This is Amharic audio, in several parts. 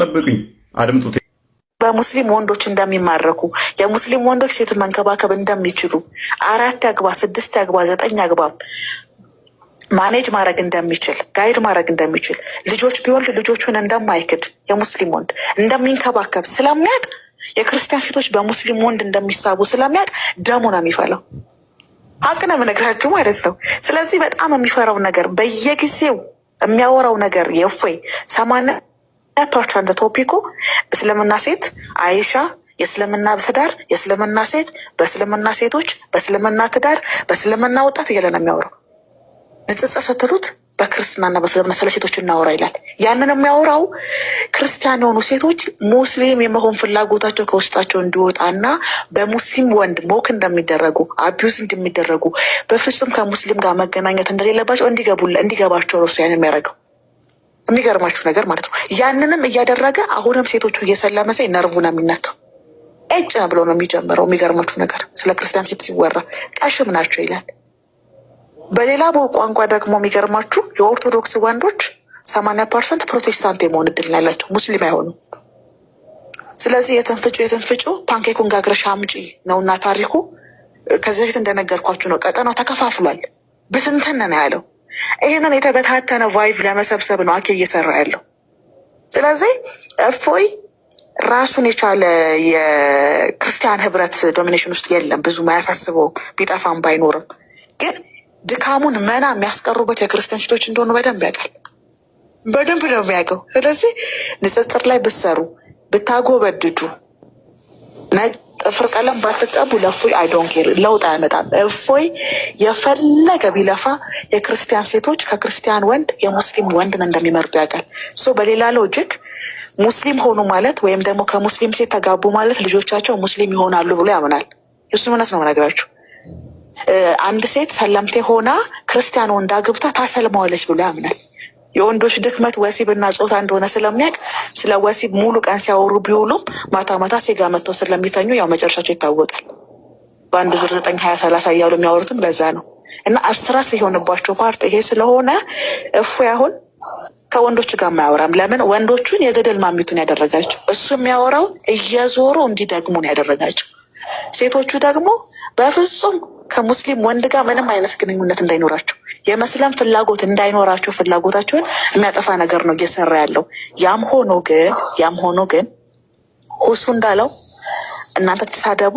ጠብቅኝ፣ አድምጡት። በሙስሊም ወንዶች እንደሚማረኩ የሙስሊም ወንዶች ሴት መንከባከብ እንደሚችሉ አራት አግባ ስድስት አግባ ዘጠኝ አግባብ ማኔጅ ማድረግ እንደሚችል ጋይድ ማድረግ እንደሚችል ልጆች ቢወልድ ልጆቹን እንደማይክድ የሙስሊም ወንድ እንደሚንከባከብ ስለሚያውቅ የክርስቲያን ሴቶች በሙስሊም ወንድ እንደሚሳቡ ስለሚያውቅ ደሙ ነው የሚፈላው። ሀቅ ነው የምነግራችሁ ማለት ነው። ስለዚህ በጣም የሚፈራው ነገር በየጊዜው የሚያወራው ነገር የእፎይ ሰማንያ ፐርቸንት ቶፒኩ እስልምና ሴት አይሻ የእስልምና ትዳር የእስልምና ሴት በእስልምና ሴቶች በእስልምና ትዳር በእስልምና ወጣት እያለ ነው የሚያወራው። ንጽጽር ስትሉት በክርስትናና በእስልምና ስለ ሴቶች እናወራ ይላል። ያንን የሚያወራው ክርስቲያን የሆኑ ሴቶች ሙስሊም የመሆን ፍላጎታቸው ከውስጣቸው እንዲወጣና በሙስሊም ወንድ ሞክ እንደሚደረጉ አቢዩዝ እንደሚደረጉ በፍጹም ከሙስሊም ጋር መገናኘት እንደሌለባቸው እንዲገባቸው ነው ያን የሚያደርገው። የሚገርማችሁ ነገር ማለት ነው። ያንንም እያደረገ አሁንም ሴቶቹ እየሰለመ ሳይ ነርቡ ነው የሚነካው። ብሎ ነው የሚጀምረው። የሚገርማችሁ ነገር ስለ ክርስቲያን ሴት ሲወራ ቀሽም ናቸው ይላል። በሌላ ቋንቋ ደግሞ የሚገርማችሁ የኦርቶዶክስ ወንዶች ሰማንያ ፐርሰንት ፕሮቴስታንት የመሆን እድል ያላቸው፣ ሙስሊም አይሆኑም። ስለዚህ የተንፍጩ የተንፍጩ ፓንኬኩን ጋግረሻ አምጪ ነውና ታሪኩ ከዚህ በፊት እንደነገርኳችሁ ነው። ቀጠናው ተከፋፍሏል፣ ብትንትን ነው ያለው። ይህንን የተበታተነ ቫይቭ ለመሰብሰብ ነው አኬ እየሰራ ያለው። ስለዚህ እፎይ ራሱን የቻለ የክርስቲያን ህብረት ዶሚኔሽን ውስጥ የለም። ብዙ ማያሳስበው ቢጠፋም ባይኖርም ግን ድካሙን መና የሚያስቀሩበት የክርስቲያን ሴቶች እንደሆኑ በደንብ ያውቃል። በደንብ ነው የሚያውቀው። ስለዚህ ንጽጽር ላይ ብትሰሩ ብታጎበድዱ ጥፍር ቀለም ባትቀቡ ለእፎይ አይዶንኬር ለውጥ አያመጣም። እፎይ የፈለገ ቢለፋ የክርስቲያን ሴቶች ከክርስቲያን ወንድ የሙስሊም ወንድን እንደሚመርጡ ያውቃል። ሶ በሌላ ሎጂክ ሙስሊም ሆኑ ማለት ወይም ደግሞ ከሙስሊም ሴት ተጋቡ ማለት ልጆቻቸው ሙስሊም ይሆናሉ ብሎ ያምናል። እሱ እውነት ነው መነግራችሁ። አንድ ሴት ሰለምቴ ሆና ክርስቲያን ወንድ አግብታ ታሰልመዋለች ብሎ ያምናል። የወንዶች ድክመት ወሲብና ጾታ እንደሆነ ስለሚያውቅ ስለ ወሲብ ሙሉ ቀን ሲያወሩ ቢውሉም ማታ ማታ ሴጋ መጥተው ስለሚተኙ ያው መጨረሻቸው ይታወቃል። በአንድ ዙር ዘጠኝ ሀያ ሰላሳ እያሉ የሚያወሩትም ለዛ ነው። እና አስትራስ የሆንባቸው ፓርት ይሄ ስለሆነ እፎ ያሁን ከወንዶች ጋር ማያወራም። ለምን ወንዶቹን የገደል ማሚቱን ያደረጋቸው እሱ የሚያወራው እየዞሩ እንዲደግሙን ያደረጋቸው። ሴቶቹ ደግሞ በፍጹም ከሙስሊም ወንድ ጋር ምንም አይነት ግንኙነት እንዳይኖራቸው የመስለም ፍላጎት እንዳይኖራቸው ፍላጎታቸውን የሚያጠፋ ነገር ነው እየሰራ ያለው። ያም ሆኖ ግን ያም ሆኖ ግን ሁሱ እንዳለው እናንተ ተሳደቡ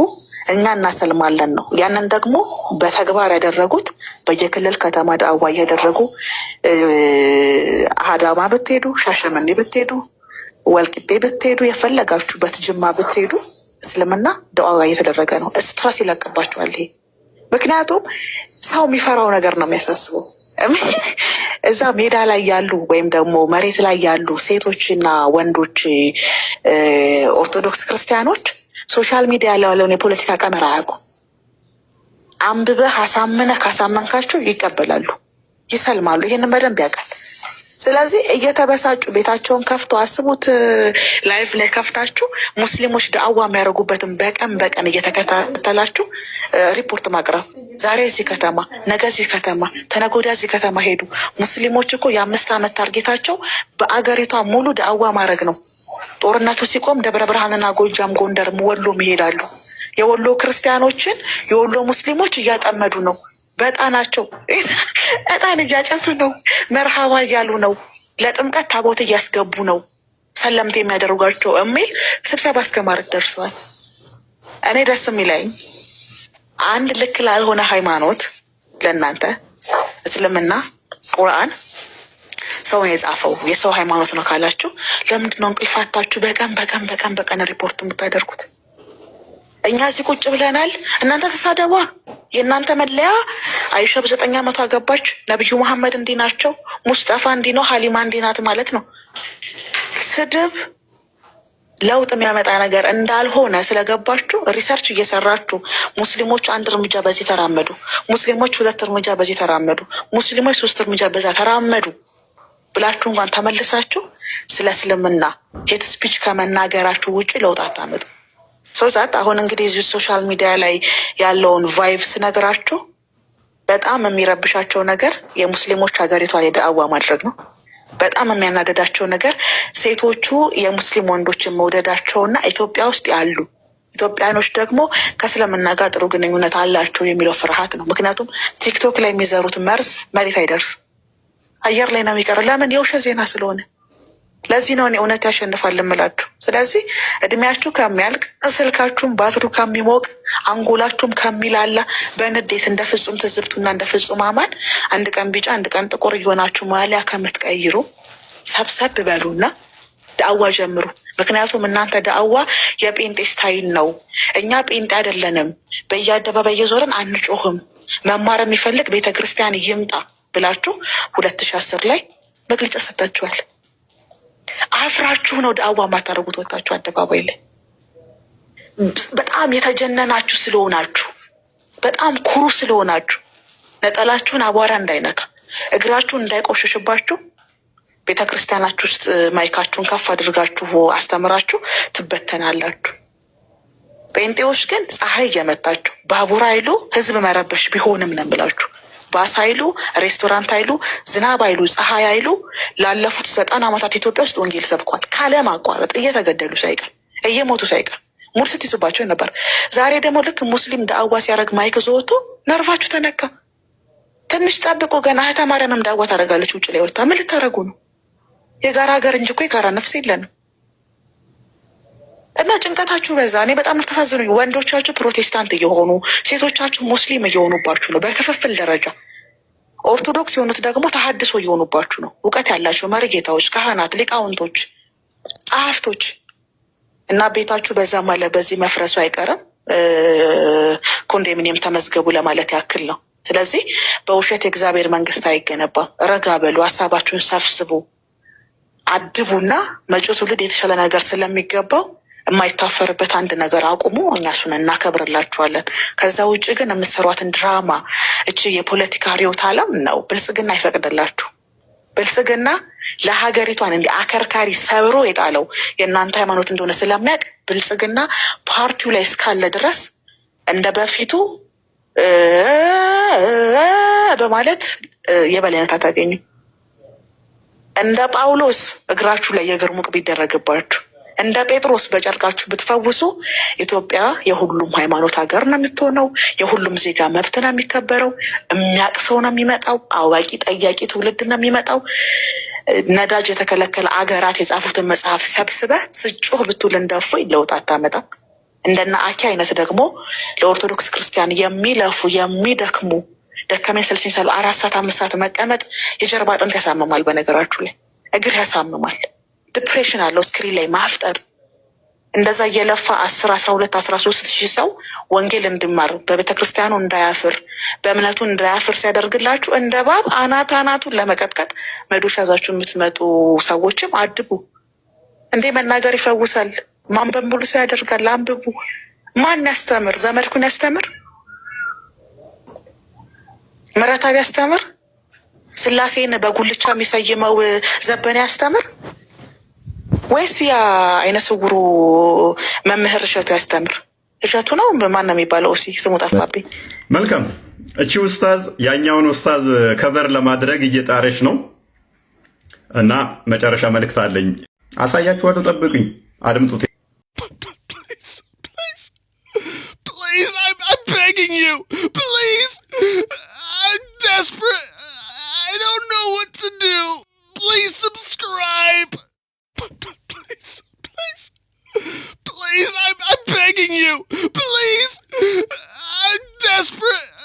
እኛ እናሰልማለን ነው። ያንን ደግሞ በተግባር ያደረጉት በየክልል ከተማ ዳዋ እያደረጉ አዳማ ብትሄዱ፣ ሻሸመኔ ብትሄዱ፣ ወልቂጤ ብትሄዱ፣ የፈለጋችሁበት ጅማ ብትሄዱ እስልምና ዳዕዋ እየተደረገ ነው። ስትረስ ይለቅባችኋል ይሄ ምክንያቱም ሰው የሚፈራው ነገር ነው የሚያሳስበው። እዛ ሜዳ ላይ ያሉ ወይም ደግሞ መሬት ላይ ያሉ ሴቶችና ወንዶች ኦርቶዶክስ ክርስቲያኖች ሶሻል ሚዲያ ላይ ያለውን የፖለቲካ ቀመር አያውቁም። አንብበህ አሳምነህ ካሳመንካቸው ይቀበላሉ፣ ይሰልማሉ። ይህንን በደንብ ያውቃል። ስለዚህ እየተበሳጩ ቤታቸውን ከፍተው አስቡት። ላይቭ ላይ ከፍታችሁ ሙስሊሞች ደአዋ የሚያደርጉበትን በቀን በቀን እየተከታተላችሁ ሪፖርት ማቅረብ ዛሬ እዚህ ከተማ፣ ነገ እዚህ ከተማ፣ ተነገ ወዲያ እዚህ ከተማ ሄዱ። ሙስሊሞች እኮ የአምስት ዓመት ታርጌታቸው በአገሪቷ ሙሉ ዳዕዋ ማድረግ ነው። ጦርነቱ ሲቆም ደብረ ብርሃንና ጎጃም፣ ጎንደርም ወሎም ይሄዳሉ። የወሎ ክርስቲያኖችን የወሎ ሙስሊሞች እያጠመዱ ነው። ናቸው። እጣን እያጨሱ ነው። መርሃባ እያሉ ነው። ለጥምቀት ታቦት እያስገቡ ነው። ሰለምት የሚያደርጓቸው የሚል ስብሰባ እስከ ማድረግ ደርሰዋል። እኔ ደስ የሚለኝ አንድ ልክ ላልሆነ ሃይማኖት ለእናንተ እስልምና ቁርአን ሰው የጻፈው የሰው ሃይማኖት ነው ካላችሁ ለምንድነው እንቅልፋታችሁ በቀን በቀን በቀን በቀን ሪፖርት የምታደርጉት? እኛ ዚህ ቁጭ ብለናል። እናንተ ተሳደቧ። የእናንተ መለያ አይሻ በዘጠኝ ዓመቷ አገባች ነቢዩ መሐመድ እንዲህ ናቸው፣ ሙስጠፋ እንዲህ ነው፣ ሀሊማ እንዲህ ናት ማለት ነው። ስድብ ለውጥ የሚያመጣ ነገር እንዳልሆነ ስለገባችሁ ሪሰርች እየሰራችሁ ሙስሊሞች አንድ እርምጃ በዚህ ተራመዱ፣ ሙስሊሞች ሁለት እርምጃ በዚህ ተራመዱ፣ ሙስሊሞች ሶስት እርምጃ በዛ ተራመዱ ብላችሁ እንኳን ተመልሳችሁ ስለ እስልምና ሄት ስፒች ከመናገራችሁ ውጭ ለውጥ አታመጡ። ሶዛት አሁን እንግዲህ እዚህ ሶሻል ሚዲያ ላይ ያለውን ቫይቭ ስነግራችሁ በጣም የሚረብሻቸው ነገር የሙስሊሞች ሀገሪቷ የደአዋ ማድረግ ነው። በጣም የሚያናደዳቸው ነገር ሴቶቹ የሙስሊም ወንዶችን መውደዳቸውና ኢትዮጵያ ውስጥ ያሉ ኢትዮጵያኖች ደግሞ ከእስልምና ጋር ጥሩ ግንኙነት አላቸው የሚለው ፍርሃት ነው። ምክንያቱም ቲክቶክ ላይ የሚዘሩት መርዝ መሬት አይደርስም፣ አየር ላይ ነው የሚቀር። ለምን? የውሸት ዜና ስለሆነ ለዚህ ነው እኔ እውነት ያሸንፋል እምላችሁ። ስለዚህ እድሜያችሁ ከሚያልቅ ስልካችሁም ባትሩ ከሚሞቅ አንጎላችሁም ከሚላላ በንዴት እንደ ፍጹም ትዝብቱና እንደ ፍጹም አማን አንድ ቀን ቢጫ አንድ ቀን ጥቁር እየሆናችሁ ማሊያ ከምትቀይሩ ሰብሰብ በሉና ዳዕዋ ጀምሩ። ምክንያቱም እናንተ ዳዕዋ የጴንጤ ስታይል ነው። እኛ ጴንጤ አይደለንም። በየአደባባይ እየዞርን አንጮህም። መማር የሚፈልግ ቤተ ክርስቲያን ይምጣ ብላችሁ ሁለት ሺ አስር ላይ መግለጫ ሰጥታችኋል። ታስራችሁ ነው ዳዋ ማታረጉት ወታችሁ አደባባይ ላይ በጣም የተጀነናችሁ ስለሆናችሁ፣ በጣም ኩሩ ስለሆናችሁ ነጠላችሁን አቧራ እንዳይነካ እግራችሁን እንዳይቆሸሽባችሁ ቤተ ክርስቲያናችሁ ውስጥ ማይካችሁን ከፍ አድርጋችሁ አስተምራችሁ ትበተናላችሁ። ጴንጤዎች ግን ፀሐይ እየመታችሁ ባቡር አይሉ ህዝብ መረበሽ ቢሆንም ነው ብላችሁ ባስ አይሉ፣ ሬስቶራንት አይሉ፣ ዝናብ አይሉ፣ ፀሐይ አይሉ ላለፉት ዘጠና ዓመታት ኢትዮጵያ ውስጥ ወንጌል ሰብኳል። ካለማቋረጥ እየተገደሉ ሳይቀር እየሞቱ ሳይቀር ሙድ ስትይዙባቸው ነበር። ዛሬ ደግሞ ልክ ሙስሊም ዳዕዋ ሲያደርግ ማይክ ዘወቶ ነርቫችሁ ተነካ። ትንሽ ጠብቆ ገና እህተ ማርያምም ዳዕዋ ታደርጋለች ውጭ ላይ ወርታ። ምን ልታደርጉ ነው? የጋራ ሀገር እንጂ እኮ የጋራ ነፍስ የለንም። እና ጭንቀታችሁ በዛ። እኔ በጣም ተሳዝኑ። ወንዶቻችሁ ፕሮቴስታንት እየሆኑ ሴቶቻችሁ ሙስሊም እየሆኑባችሁ ነው በክፍፍል ደረጃ ኦርቶዶክስ የሆኑት ደግሞ ተሀድሶ እየሆኑባችሁ ነው። እውቀት ያላቸው መርጌታዎች፣ ካህናት፣ ሊቃውንቶች፣ ጸሐፍቶች እና ቤታችሁ በዛ ማለ በዚህ መፍረሱ አይቀርም። ኮንዶሚኒየም ተመዝገቡ ለማለት ያክል ነው። ስለዚህ በውሸት የእግዚአብሔር መንግስት አይገነባም። ረጋ በሉ፣ ሀሳባችሁን ሰብስቡ፣ አድቡና መጪው ትውልድ የተሻለ ነገር ስለሚገባው የማይታፈርበት አንድ ነገር አቁሙ። እኛ እሱን እናከብርላችኋለን። ከዛ ውጭ ግን የምትሰሯትን ድራማ እች የፖለቲካ ሪዮት አለም ነው ብልጽግና አይፈቅድላችሁ። ብልጽግና ለሀገሪቷን እንዲ አከርካሪ ሰብሮ የጣለው የእናንተ ሃይማኖት እንደሆነ ስለሚያውቅ ብልጽግና ፓርቲው ላይ እስካለ ድረስ እንደ በፊቱ በማለት የበላይነት አታገኙ። እንደ ጳውሎስ እግራችሁ ላይ የእግር ሙቅ ቢደረግባችሁ እንደ ጴጥሮስ በጨርቃችሁ ብትፈውሱ ኢትዮጵያ የሁሉም ሃይማኖት ሀገር ነው የምትሆነው። የሁሉም ዜጋ መብት ነው የሚከበረው። የሚያቅ ሰው ነው የሚመጣው። አዋቂ ጠያቂ ትውልድ ነው የሚመጣው። ነዳጅ የተከለከለ አገራት የጻፉትን መጽሐፍ ሰብስበህ ስጩህ ብትል እንደ ለውጥ አታመጣም። እንደና አኪ አይነት ደግሞ ለኦርቶዶክስ ክርስቲያን የሚለፉ የሚደክሙ ደከመኝ ሰለቸኝ ሳሉ አራት ሰዓት አምስት ሰዓት መቀመጥ የጀርባ አጥንት ያሳምማል። በነገራችሁ ላይ እግር ያሳምማል። ዲፕሬሽን አለው ስክሪን ላይ ማፍጠር እንደዛ እየለፋ አስር አስራ ሁለት አስራ ሶስት ሺህ ሰው ወንጌል እንዲማር በቤተ ክርስቲያኑ እንዳያፍር በእምነቱ እንዳያፍር ሲያደርግላችሁ እንደ ባብ አናት አናቱን ለመቀጥቀጥ መዶሻ ይዛችሁ የምትመጡ ሰዎችም አድቡ እንዴ። መናገር ይፈውሳል። ማንበብ ሙሉ ሰው ያደርጋል። አንብቡ። ማን ያስተምር? ዘመድኩን ያስተምር? ምረታብ ያስተምር? ስላሴን በጉልቻ የሚሰይመው ዘበን ያስተምር? ወይስ ያ አይነ ስውሩ መምህር እሸቱ ያስተምር? እሸቱ ነው ማን ነው የሚባለው? ሲ ስሙ ጠፋብኝ። መልካም። እቺ ውስታዝ ያኛውን ውስታዝ ከበር ለማድረግ እየጣረች ነው እና መጨረሻ መልእክት አለኝ። አሳያችኋለሁ። ጠብቅኝ፣ አድምጡት። please, please, please, I'm, I'm begging you, please, I'm desperate.